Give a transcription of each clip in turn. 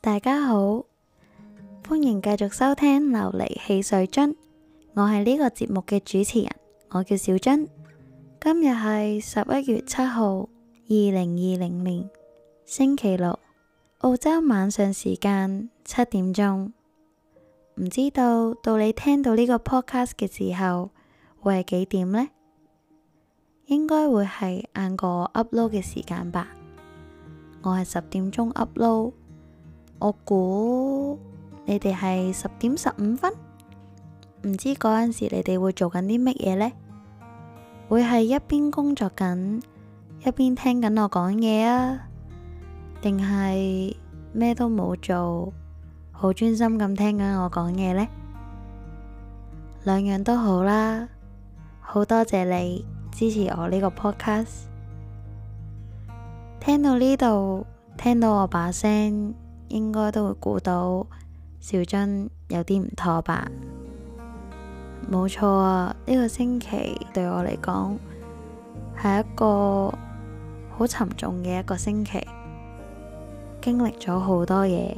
大家好，歡迎繼續收聽《琉璃汽水樽》，我係呢個節目嘅主持人，我叫小樽。今日係十一月七號，二零二零年星期六，澳洲晚上時間七點鐘。唔知道到你聽到呢個 podcast 嘅時候會係幾點呢？應該會係晏過 upload 嘅時間吧。我係十點鐘 upload。我估你哋係十點十五分，唔知嗰陣時你哋會做緊啲乜嘢呢？會係一邊工作緊，一邊聽緊我講嘢啊？定係咩都冇做，好專心咁聽緊我講嘢呢？兩樣都好啦，好多謝你支持我呢個 podcast，聽到呢度，聽到我把聲。應該都會估到小樽有啲唔妥吧？冇錯啊！呢個星期對我嚟講係一個好沉重嘅一個星期，經歷咗好多嘢，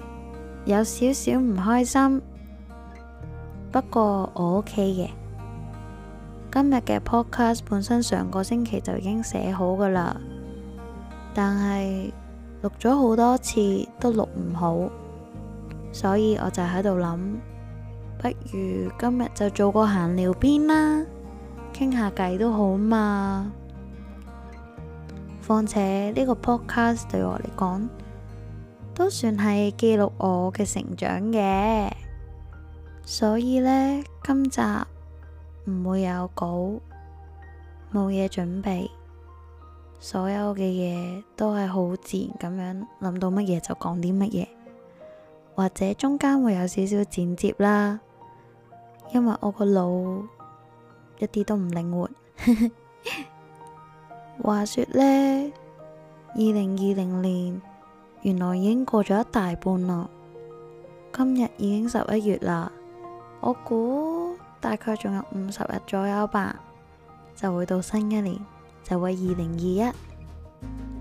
有少少唔開心。不過我 ok 嘅。今日嘅 podcast 本身上個星期就已經寫好噶啦，但係。錄咗好多次都錄唔好，所以我就喺度諗，不如今日就做個閒聊篇啦，傾下偈都好嘛。況且呢個 podcast 對我嚟講，都算係記錄我嘅成長嘅，所以呢，今集唔會有稿，冇嘢準備。所有嘅嘢都係好自然咁樣，諗到乜嘢就講啲乜嘢，或者中間會有少少剪接啦，因為我個腦一啲都唔靈活。 話説呢，二零二零年原來已經過咗一大半啦，今日已經十一月啦，我估大概仲有五十日左右吧，就會到新一年。就會二零二一，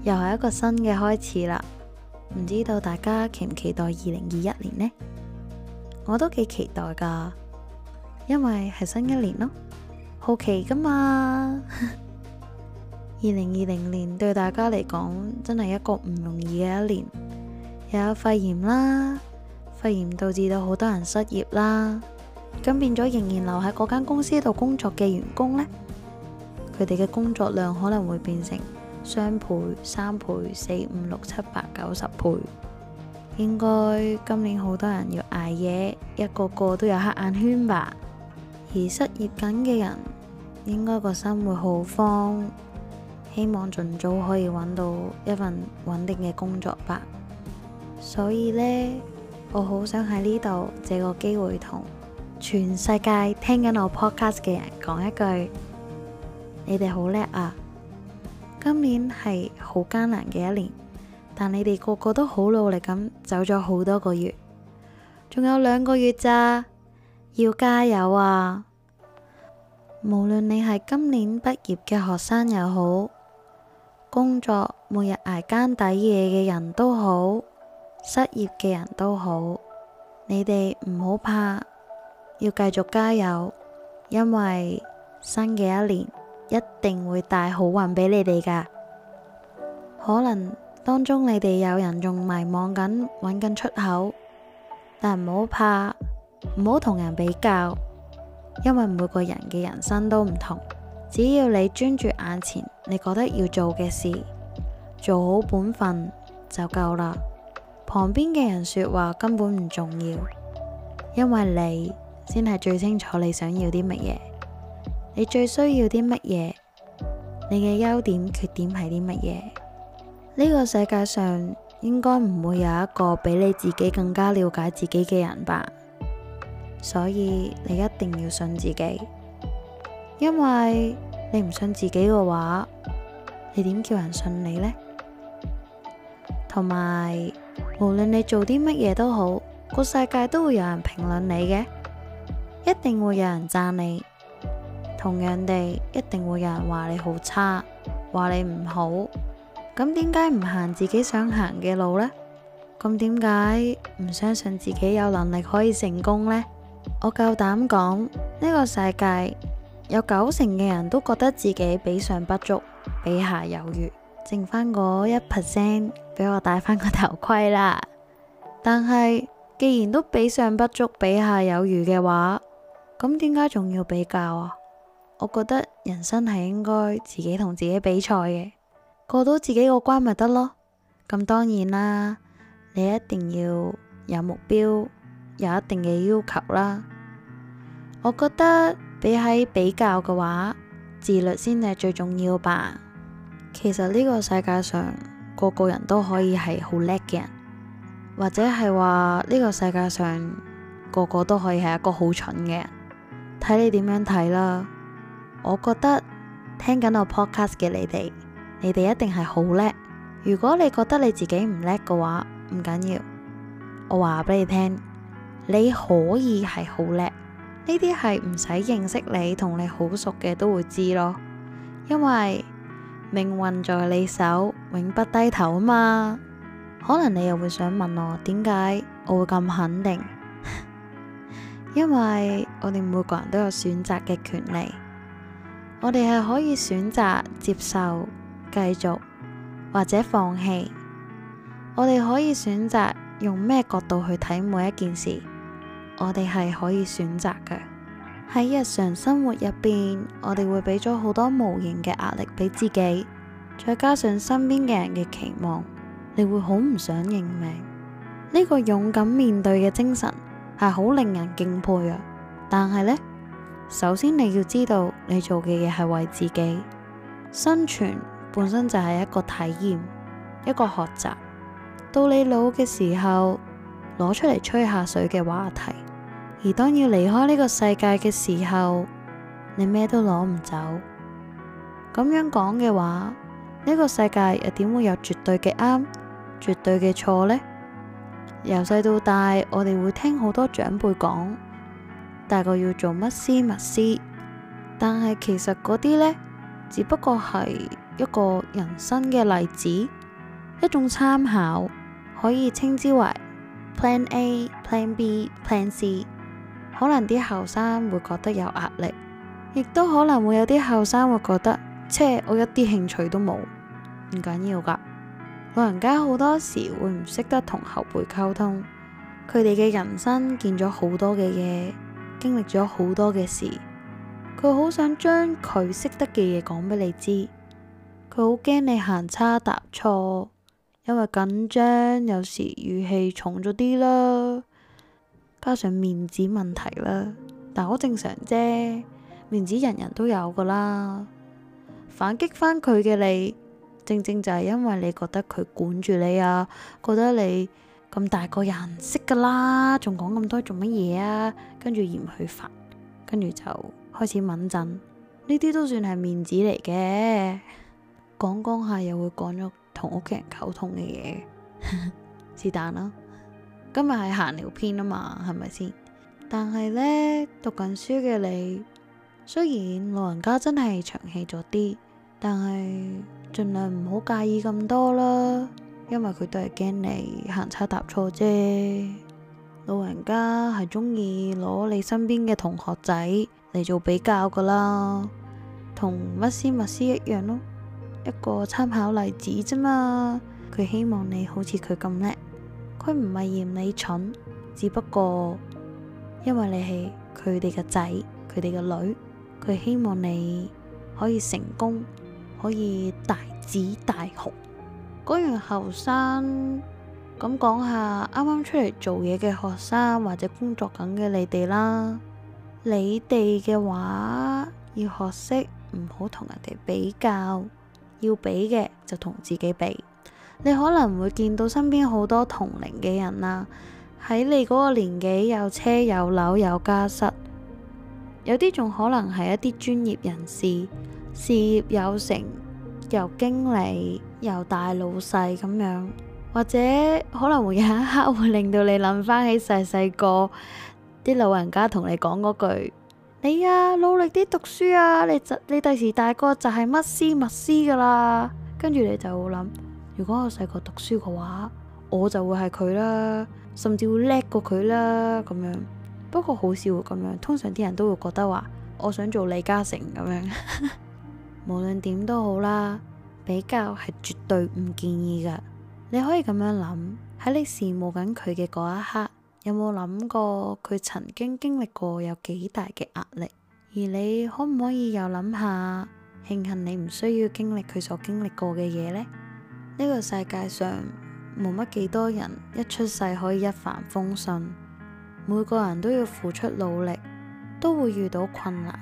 又係一個新嘅開始啦。唔知道大家期唔期待二零二一年呢？我都幾期待噶，因為係新一年咯，好奇噶嘛。二零二零年對大家嚟講真係一個唔容易嘅一年，又有肺炎啦，肺炎導致到好多人失業啦，咁變咗仍然留喺嗰間公司度工作嘅員工呢，佢哋嘅工作量可能會變成雙倍、三倍、四五六七八九十倍，應該今年好多人要捱夜，一個個都有黑眼圈吧。而失業緊嘅人，應該個心會好慌，希望盡早可以揾到一份穩定嘅工作吧。所以呢，我好想喺呢度，借個機會同全世界聽緊我 podcast 嘅人講一句。你哋好叻啊！今年係好艱難嘅一年，但你哋個個都好努力咁走咗好多個月，仲有兩個月咋，要加油啊！無論你係今年畢業嘅學生又好，工作每日挨更抵夜嘅人都好，失業嘅人都好，你哋唔好怕，要繼續加油，因為新嘅一年，一定會帶好運俾你哋㗎。可能當中你哋有人仲迷茫緊，揾緊出口，但唔好怕，唔好同人比較，因為每個人嘅人生都唔同。只要你專注眼前，你覺得要做嘅事，做好本分就夠啦。旁邊嘅人說話根本唔重要，因為你先係最清楚你想要啲乜嘢。你最需要啲乜嘢？你嘅優點、缺點係啲乜嘢？呢個世界上應該唔會有一個比你自己更加了解自己嘅人吧？所以你一定要信自己，因為你唔信自己嘅話，你點叫人信你呢？同埋，無論你做啲乜嘢都好，個世界都會有人評論你嘅，一定會有人讚你。同樣地，一定會有人話你好差，話你唔好，咁點解唔行自己想行嘅路呢？咁點解唔相信自己有能力可以成功呢？我夠膽講，呢個世界有九成嘅人都覺得自己比上不足，比下有餘，剩翻嗰一 percent 俾，我戴翻個頭盔啦。但係既然都比上不足，比下有餘嘅話，咁點解仲要比較啊？我覺得人生係應該自己同自己比賽嘅，過到自己個關咪得咯。咁當然啦，你一定要有目標，有一定嘅要求啦。我覺得比起比較嘅話，自律先係最重要吧。其實呢個世界上個個人都可以係好叻嘅人，或者係話呢個世界上個個都可以係一個好蠢嘅人，睇你點樣睇啦。我覺得聽緊我 podcast 嘅你哋，你哋一定係好叻。如果你覺得你自己唔叻嘅話，唔緊要。我話俾你聽，你可以係好叻。呢啲係唔使認識你同你好熟嘅都會知咯，因為命運在你手，永不低頭啊嘛。可能你又會想問我點解我會咁肯定？ 因為我哋每個人都有選擇嘅權利。我哋係可以選擇接受、繼續或者放棄。我哋可以選擇用咩角度去睇每一件事。我哋係可以選擇嘅。喺日常生活入邊，我哋會俾咗好多無形嘅壓力俾自己，再加上身邊嘅人嘅期望，你會好唔想認命。呢個勇敢面對嘅精神係好令人敬佩啊！但係呢，首先你要知道。你做嘅嘢係為自己。生存本身就係一個體驗，一個學習。到你老嘅時候，攞出嚟吹下水嘅話題。而當要離開呢個世界嘅時候，你咩都攞唔走。咁樣講嘅話，呢個世界又點會有絕對嘅啱，絕對嘅錯呢？由細到大，我哋會聽好多長輩講，大個要做乜思乜思。但係其實嗰啲呢，只不過係一個人生嘅例子，一種參考，可以稱之為 Plan A、Plan B、Plan C。可能啲後生會覺得有壓力，亦都可能會有啲後生會覺得，即、呃、係我一啲興趣都冇，唔緊要噶。老人家好多時會唔識得同後輩溝通，佢哋嘅人生見咗好多嘅嘢，經歷咗好多嘅事。佢好想將佢識得嘅嘢講俾你知，佢好驚你行差踏錯，因為緊張有時語氣重咗啲啦，加上面子問題啦，但好正常啫，面子人人都有噶啦。反擊返佢嘅你，正正就係因為你覺得佢管住你啊，覺得你咁大個人識噶啦，仲講咁多做乜嘢啊？跟住嫌佢煩，跟住就。開始敏震，呢啲都算係面子嚟嘅，講講下又會講咗同屋企人溝通嘅嘢， 是但啦。今日係閒聊篇啊嘛，係咪先？但係呢，讀緊書嘅你，雖然老人家真係長氣咗啲，但係盡量唔好介意咁多啦，因為佢都係驚你行差踏錯啫。老人家係中意攞你身邊嘅同學仔。嚟做比較噶啦，同屈斯密斯一樣咯，一個參考例子啫嘛。佢希望你好似佢咁叻，佢唔係嫌你蠢，只不過因為你係佢哋嘅仔，佢哋嘅女，佢希望你可以成功，可以大紫大紅。講完後生，咁講下啱啱出嚟做嘢嘅學生或者工作緊嘅你哋啦。你哋嘅話，要學識唔好同人哋比較，要比嘅就同自己比。你可能會見到身邊好多同齡嘅人啦，喺你嗰個年紀有車有樓有家室，有啲仲可能係一啲專業人士，事業有成，又經理又大老細咁樣，或者可能會有一刻會令到你諗翻起細細個。啲老人家同你講嗰句，你呀，努力啲讀書啊，你第時大個就係乜師乜師噶啦。跟住你就會諗，如果我細個讀書嘅話，我就會係佢啦，甚至會叻過佢啦咁樣。不過好少會咁樣，通常啲人都會覺得話，我想做李嘉誠咁樣。 無論點都好啦，比較係絕對唔建議噶。你可以咁樣諗，喺你羨慕緊佢嘅嗰一刻。有冇諗過佢曾經經歷過有幾大嘅壓力？而你可唔可以又諗下慶幸你唔需要經歷佢所經歷過嘅嘢呢？呢個世界上冇乜幾多人一出世可以一帆風順，每個人都要付出努力，都會遇到困難，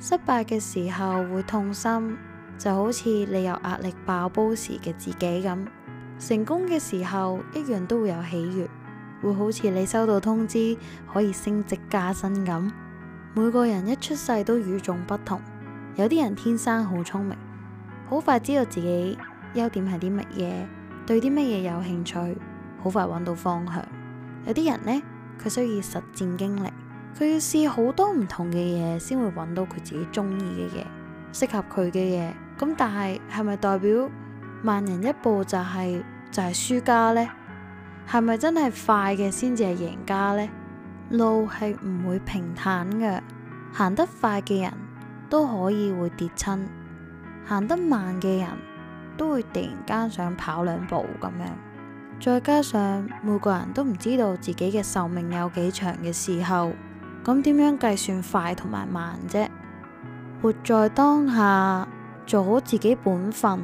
失敗嘅時候會痛心，就好似你有壓力爆煲時嘅自己咁；成功嘅時候一樣都會有喜悅。會好似你收到通知可以升職加薪咁，每個人一出世都與眾不同。有啲人天生好聰明，好快知道自己優點係啲乜嘢，對啲乜嘢有興趣，好快揾到方向。有啲人呢，佢需要實戰經歷，佢要試好多唔同嘅嘢先會揾到佢自己中意嘅嘢，適合佢嘅嘢。咁但係係咪代表慢人一步就係、是、就係、是、輸家呢？係咪真係快嘅先至係贏家呢？路係唔會平坦嘅，行得快嘅人都可以會跌親，行得慢嘅人都會突然間想跑兩步咁樣。再加上每個人都唔知道自己嘅壽命有幾長嘅時候，咁點樣計算快同埋慢啫？活在當下，做好自己本分，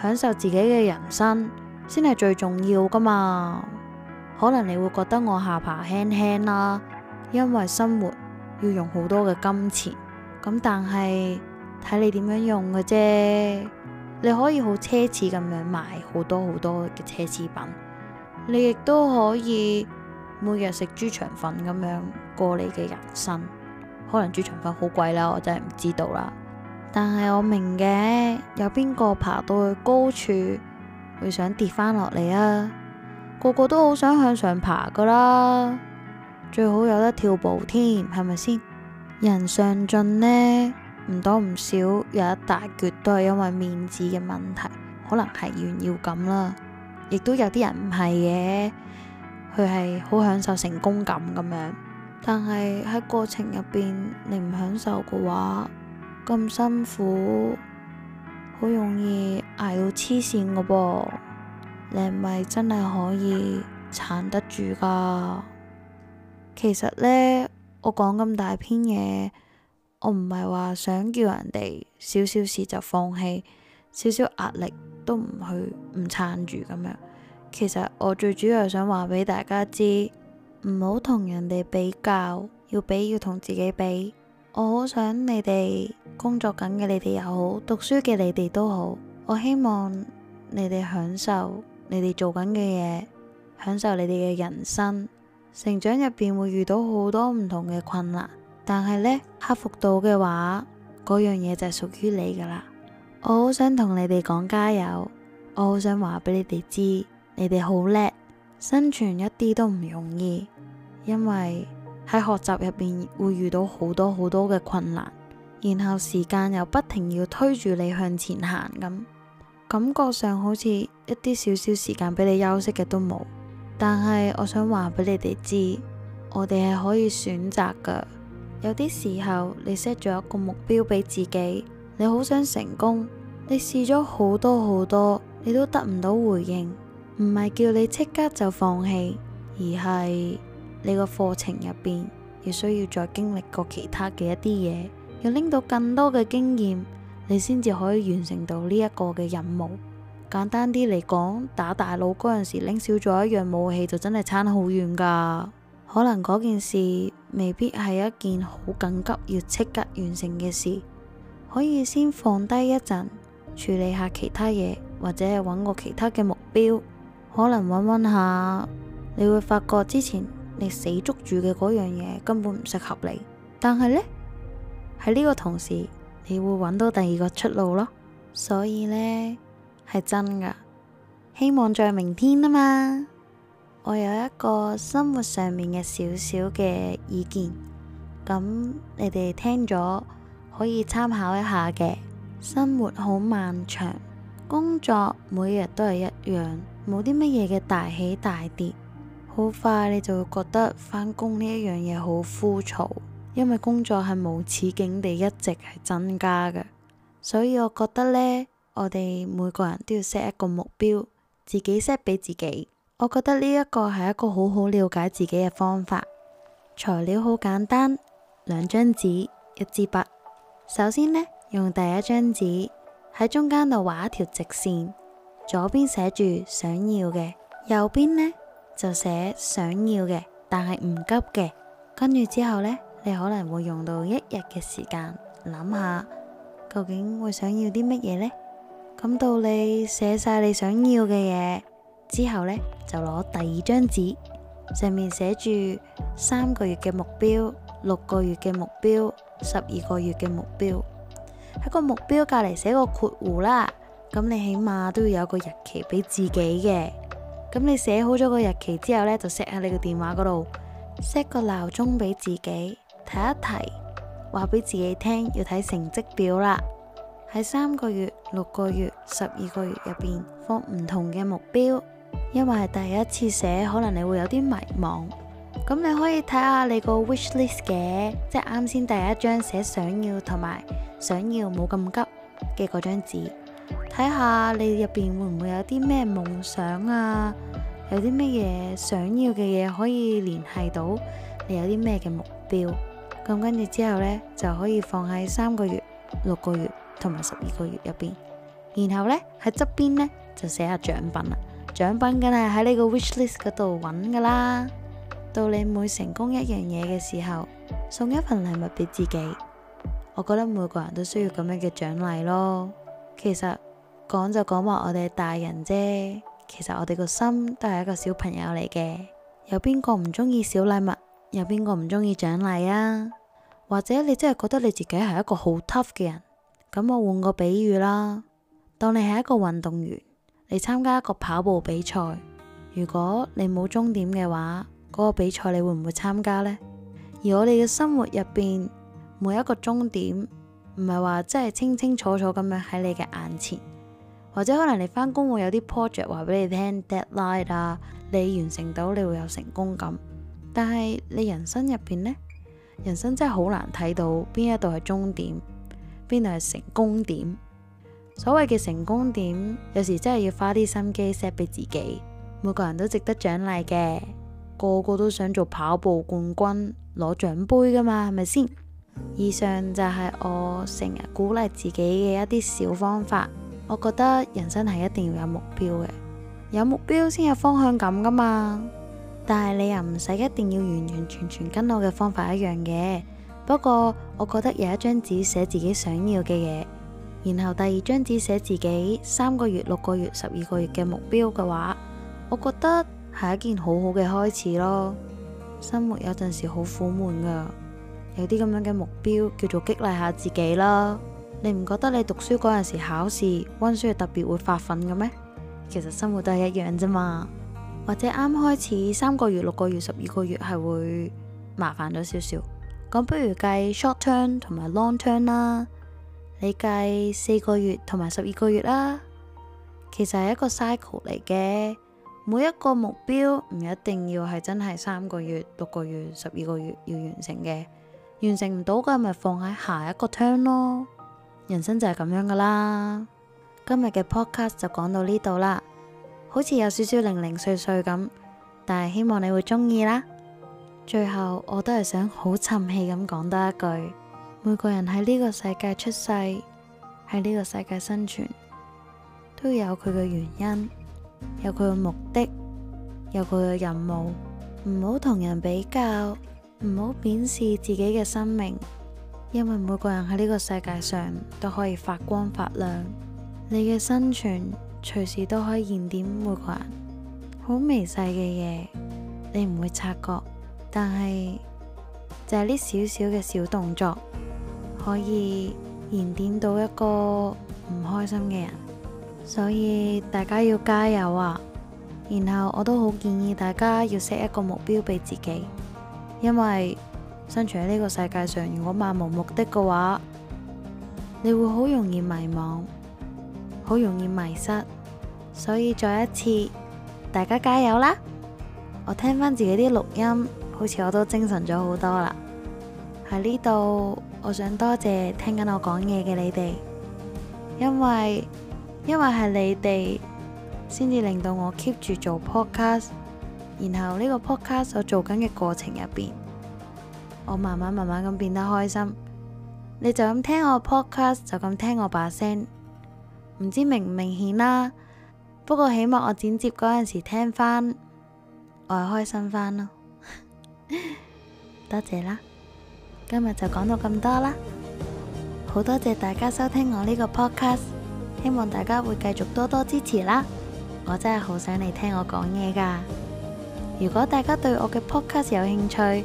享受自己嘅人生。先係最重要噶嘛？可能你會覺得我下巴輕輕啦，因為生活要用好多嘅金錢，咁但係睇你點樣用嘅啫。你可以好奢侈咁樣買好多好多嘅奢侈品，你亦都可以每日食豬腸粉咁樣過你嘅人生。可能豬腸粉好貴啦，我真係唔知道啦。但係我明嘅，有邊個爬到去高處？會想跌返落嚟啊！個個都好想向上爬㗎啦，最好有得跳步添，係咪先？人上進呢，唔多唔少，有一大橛都係因為面子嘅問題，可能係炫耀感啦。亦都有啲人唔係嘅，佢係好享受成功感咁樣。但係喺過程入邊，你唔享受嘅話，咁辛苦。好容易捱到黐線嘅噃，你唔係真係可以撐得住噶。其實呢，我講咁大篇嘢，我唔係話想叫人哋少少事就放棄，少少壓力都唔去唔撐住咁樣。其實我最主要係想話俾大家知，唔好同人哋比較，要比要同自己比。我好想你哋工作緊嘅你哋又好，讀書嘅你哋都好。我希望你哋享受你哋做緊嘅嘢，享受你哋嘅人生。成長入邊會遇到好多唔同嘅困難，但係呢，克服到嘅話，嗰樣嘢就係屬於你噶啦。我好想同你哋講加油，我好想話俾你哋知，你哋好叻。生存一啲都唔容易，因為。喺學習入邊會遇到好多好多嘅困難，然後時間又不停要推住你向前行咁，感覺上好似一啲少少時間俾你休息嘅都冇。但係我想話俾你哋知，我哋係可以選擇噶。有啲時候你 set 咗一個目標俾自己，你好想成功，你試咗好多好多，你都得唔到回應，唔係叫你即刻就放棄，而係。你個課程入邊，亦需要再經歷過其他嘅一啲嘢，要拎到更多嘅經驗，你先至可以完成到呢一個嘅任務。簡單啲嚟講，打大佬嗰陣時拎少咗一樣武器，就真係差得好遠噶。可能嗰件事未必係一件好緊急要即刻完成嘅事，可以先放低一陣，處理下其他嘢，或者係揾個其他嘅目標。可能揾揾下，你會發覺之前你死捉住嘅嗰樣嘢根本唔適合你，但係呢，喺呢個同時，你會揾到第二個出路咯。所以呢，係真噶，希望在明天啊嘛。我有一個生活上面嘅少少嘅意見，咁你哋聽咗可以參考一下嘅。生活好漫長，工作每日都係一樣，冇啲乜嘢嘅大起大跌。好快你就會覺得返工呢一樣嘢好枯燥，因為工作係無止境地一直係增加嘅。所以我覺得呢，我哋每個人都要 set 一個目標，自己 set 俾自己。我覺得呢一個係一個好好了解自己嘅方法。材料好簡單，兩張紙，一支筆。首先呢，用第一張紙喺中間度畫一條直線，左邊寫住想要嘅，右邊呢。就寫想要嘅，但係唔急嘅。跟住之後呢，你可能會用到一日嘅時間諗下，究竟會想要啲乜嘢呢？咁到你寫晒你想要嘅嘢之後呢，就攞第二張紙，上面寫住三個月嘅目標、六個月嘅目標、十二個月嘅目標。喺個目標隔籬寫個括弧啦，咁你起碼都要有個日期俾自己嘅。咁你寫好咗個日期之後呢，就 set 喺你個電話嗰度，set 個鬧鐘俾自己提一提，話俾自己聽要睇成績表啦。喺三個月、六個月、十二個月入邊放唔同嘅目標，因為係第一次寫，可能你會有啲迷惘。咁你可以睇下你個 wish list 嘅，即係啱先第一張寫想要同埋想要冇咁急嘅嗰張紙。睇下你入邊會唔會有啲咩夢想啊，有啲咩嘢想要嘅嘢可以聯繫到，你有啲咩嘅目標，咁跟住之後呢，就可以放喺三個月、六個月同埋十二個月入邊，然後呢，喺側邊呢，就寫下獎品啦，獎品梗係喺呢個 wish list 嗰度揾噶啦，到你每成功一樣嘢嘅時候，送一份禮物俾自己，我覺得每個人都需要咁樣嘅獎勵咯，其實。講就講話，我哋係大人啫。其實我哋個心都係一個小朋友嚟嘅。有邊個唔中意小禮物？有邊個唔中意獎勵啊？或者你真係覺得你自己係一個好 tough 嘅人？咁我換個比喻啦，當你係一個運動員，你參加一個跑步比賽，如果你冇終點嘅話，嗰個比賽你會唔會參加呢？而我哋嘅生活入邊，每一個終點唔係話真係清清楚楚咁樣喺你嘅眼前。或者可能你返工會有啲 project 話俾你聽 deadline 啊，你完成到你會有成功感。但係你人生入邊呢，人生真係好難睇到邊一度係終點，邊度係成功點。所謂嘅成功點，有時真係要花啲心機 set 俾自己。每個人都值得獎勵嘅，個個都想做跑步冠軍攞獎杯噶嘛，係咪先？以上就係我成日鼓勵自己嘅一啲小方法。我覺得人生係一定要有目標嘅，有目標先有方向感噶嘛。但係你又唔使一定要完完全全跟我嘅方法一樣嘅。不過我覺得有一張紙寫自己想要嘅嘢，然後第二張紙寫自己三個月、六個月、十二個月嘅目標嘅話，我覺得係一件好好嘅開始咯。生活有陣時好苦悶噶，有啲咁樣嘅目標叫做激勵下自己啦。你唔覺得你讀書嗰陣時考試溫書係特別會發奮嘅咩？其實生活都係一樣啫嘛。或者啱開始三個月、六個月、十二個月係會麻煩咗少少。咁不如計 short term 同埋 long term 啦。你計四個月同埋十二個月啦。其實係一個 cycle 嚟嘅，每一個目標唔一定要係真係三個月、六個月、十二個月要完成嘅，完成唔到嘅咪放喺下一個 turn 咯。人生就係咁樣噶啦，今日嘅 podcast 就講到呢度啦，好似有少少零零碎碎咁，但係希望你會中意啦。最後我都係想好沉氣咁講多一句，每個人喺呢個世界出世，喺呢個世界生存，都有佢嘅原因，有佢嘅目的，有佢嘅任務。唔好同人比較，唔好貶視自己嘅生命。因為每個人喺呢個世界上都可以發光發亮，你嘅生存隨時都可以燃點每個人。好微細嘅嘢，你唔會察覺，但係就係呢少少嘅小動作，可以燃點到一個唔開心嘅人。所以大家要加油啊！然後我都好建議大家要 set 一個目標俾自己，因為，身處喺呢個世界上，如果漫無目的嘅話，你會好容易迷惘，好容易迷失。所以再一次，大家加油啦！我聽翻自己啲錄音，好似我都精神咗好多啦。喺呢度，我想多謝聽緊我講嘢嘅你哋，因為，因為係你哋先至令到我 keep 住做 podcast。然後呢個 podcast 我做緊嘅過程入邊。我慢慢慢慢咁變得開心，你就咁聽我 podcast，就咁聽我把聲，唔知明唔明顯啦、啊。不過起碼我剪接嗰陣時聽翻，我係開心翻咯。 多謝啦，今日就講到咁多啦，好多謝大家收聽我呢個 podcast，希望大家會繼續多多支持啦。我真係好想你聽我講嘢噶。如果大家對我嘅 podcast 有興趣，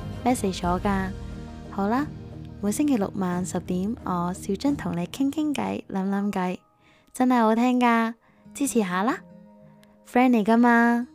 message 咗噶，好啦，每星期六晚十點，我小張同你傾傾偈，諗諗偈，真係好聽噶，支持下啦，friend 嚟噶嘛。